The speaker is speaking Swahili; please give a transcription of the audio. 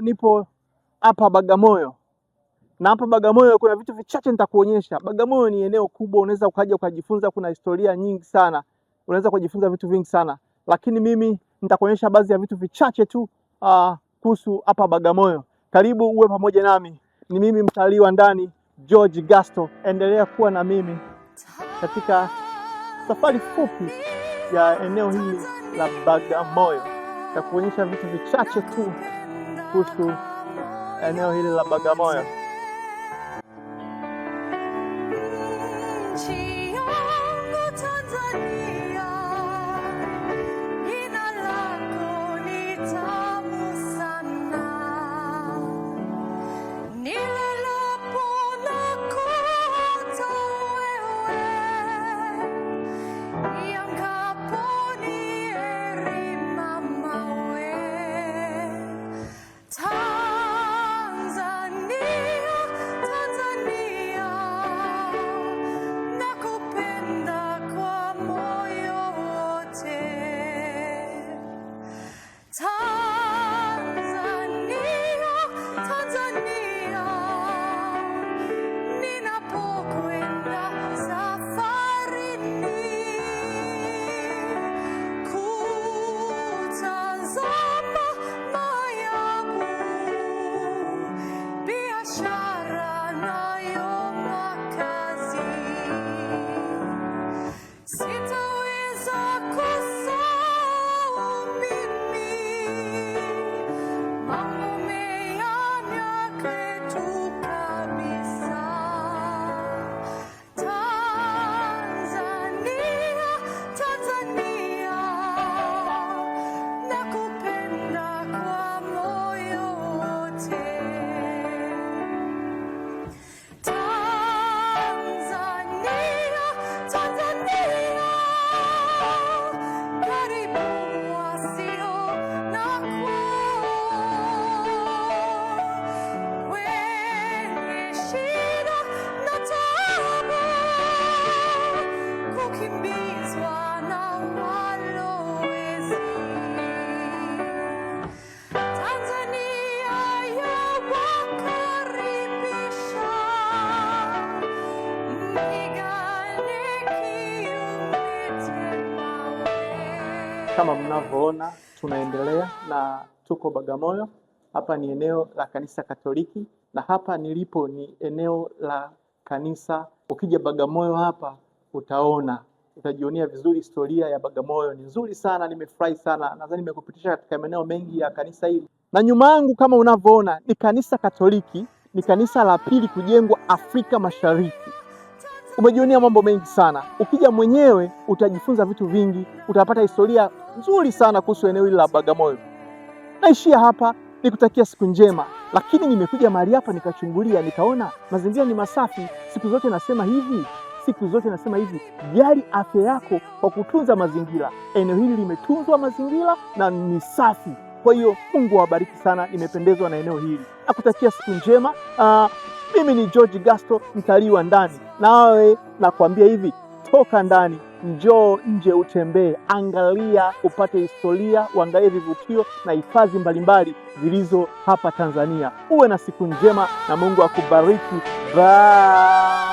Nipo hapa Bagamoyo na hapa Bagamoyo kuna vitu vichache nitakuonyesha. Bagamoyo ni eneo kubwa, unaweza ukaja ukajifunza, kuna historia nyingi sana, unaweza kujifunza vitu vingi sana lakini mimi nitakuonyesha baadhi ya vitu vichache tu uh, kuhusu hapa Bagamoyo. Karibu uwe pamoja nami, ni mimi mtalii wa ndani George Gasto. Endelea kuwa na mimi katika safari fupi ya eneo hili la Bagamoyo, nitakuonyesha vitu vichache tu. kuhusu eneo hili la Bagamoyo. Sitter Kama mnavyoona tunaendelea na tuko Bagamoyo. Hapa ni eneo la kanisa Katoliki na hapa nilipo ni eneo la kanisa. Ukija Bagamoyo hapa utaona, utajionea vizuri historia ya Bagamoyo. Ni nzuri sana, nimefurahi sana. Nadhani nimekupitisha katika maeneo mengi ya kanisa hili, na nyuma yangu kama unavyoona ni kanisa Katoliki. Ni kanisa la pili kujengwa Afrika Mashariki umejionea mambo mengi sana. Ukija mwenyewe utajifunza vitu vingi, utapata historia nzuri sana kuhusu eneo hili la Bagamoyo. Naishia hapa nikutakia siku njema, lakini nimekuja mahali hapa nikachungulia, nikaona mazingira ni masafi. Siku zote nasema hivi, siku zote nasema hivi, jali afya yako kwa kutunza mazingira. Eneo hili limetunzwa mazingira na ni safi. Kwa hiyo Mungu awabariki sana, nimependezwa na eneo hili. Nakutakia siku njema. Uh, mimi ni George Gasto, mtalii wa ndani nawe nakwambia hivi, toka ndani, njoo nje, utembee, angalia, upate historia, uangalie vivutio na hifadhi mbalimbali zilizo hapa Tanzania. Uwe na siku njema na Mungu akubariki. Bye.